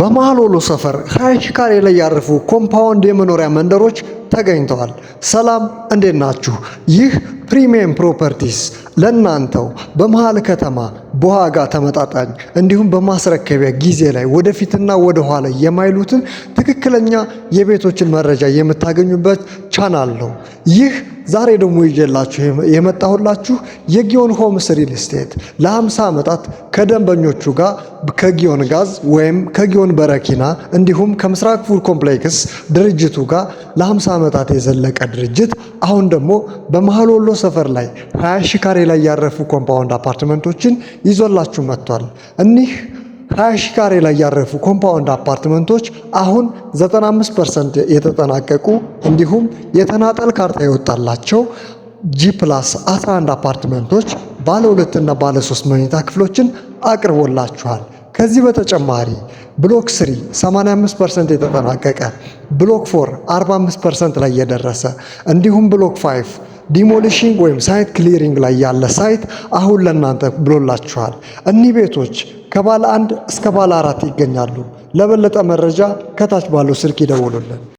በማሎሎ ሰፈር 20 ካሬ ላይ ያረፉ ኮምፓውንድ የመኖሪያ መንደሮች ተገኝተዋል። ሰላም እንዴት ናችሁ? ይህ ፕሪሚየም ፕሮፐርቲስ ለእናንተው በመሃል ከተማ በዋጋ ተመጣጣኝ እንዲሁም በማስረከቢያ ጊዜ ላይ ወደፊትና ወደ ኋላ የማይሉትን ትክክለኛ የቤቶችን መረጃ የምታገኙበት ቻናል ነው። ይህ ዛሬ ደግሞ ይዤላችሁ የመጣሁላችሁ የጊዮን ሆምስ ሪል ስቴት ለ50 ዓመታት ከደንበኞቹ ጋር ከጊዮን ጋዝ ወይም ከጊዮን በረኪና እንዲሁም ከምስራቅ ፉድ ኮምፕሌክስ ድርጅቱ ጋር ለ50 ዓመታት የዘለቀ ድርጅት አሁን ደግሞ በመሀል ወሎ ሰፈር ላይ 20 ሺ ካሬ ላይ ያረፉ ኮምፓውንድ አፓርትመንቶችን ይዞላችሁ መጥቷል። እኒህ ሀያ ካሬ ላይ ያረፉ ኮምፓውንድ አፓርትመንቶች አሁን 95 ፐርሰንት የተጠናቀቁ እንዲሁም የተናጠል ካርታ የወጣላቸው ጂ ፕላስ 11 አፓርትመንቶች ባለ ሁለት እና ባለ ሶስት መኝታ ክፍሎችን አቅርቦላችኋል። ከዚህ በተጨማሪ ብሎክ 3 85% የተጠናቀቀ፣ ብሎክ 4 45% ላይ የደረሰ እንዲሁም ብሎክ 5 ዲሞሊሽንግ ወይም ሳይት ክሊሪንግ ላይ ያለ ሳይት አሁን ለእናንተ ብሎላችኋል። እኒህ ቤቶች ከባለ አንድ እስከ ባለ አራት ይገኛሉ። ለበለጠ መረጃ ከታች ባለው ስልክ ይደውሉልን።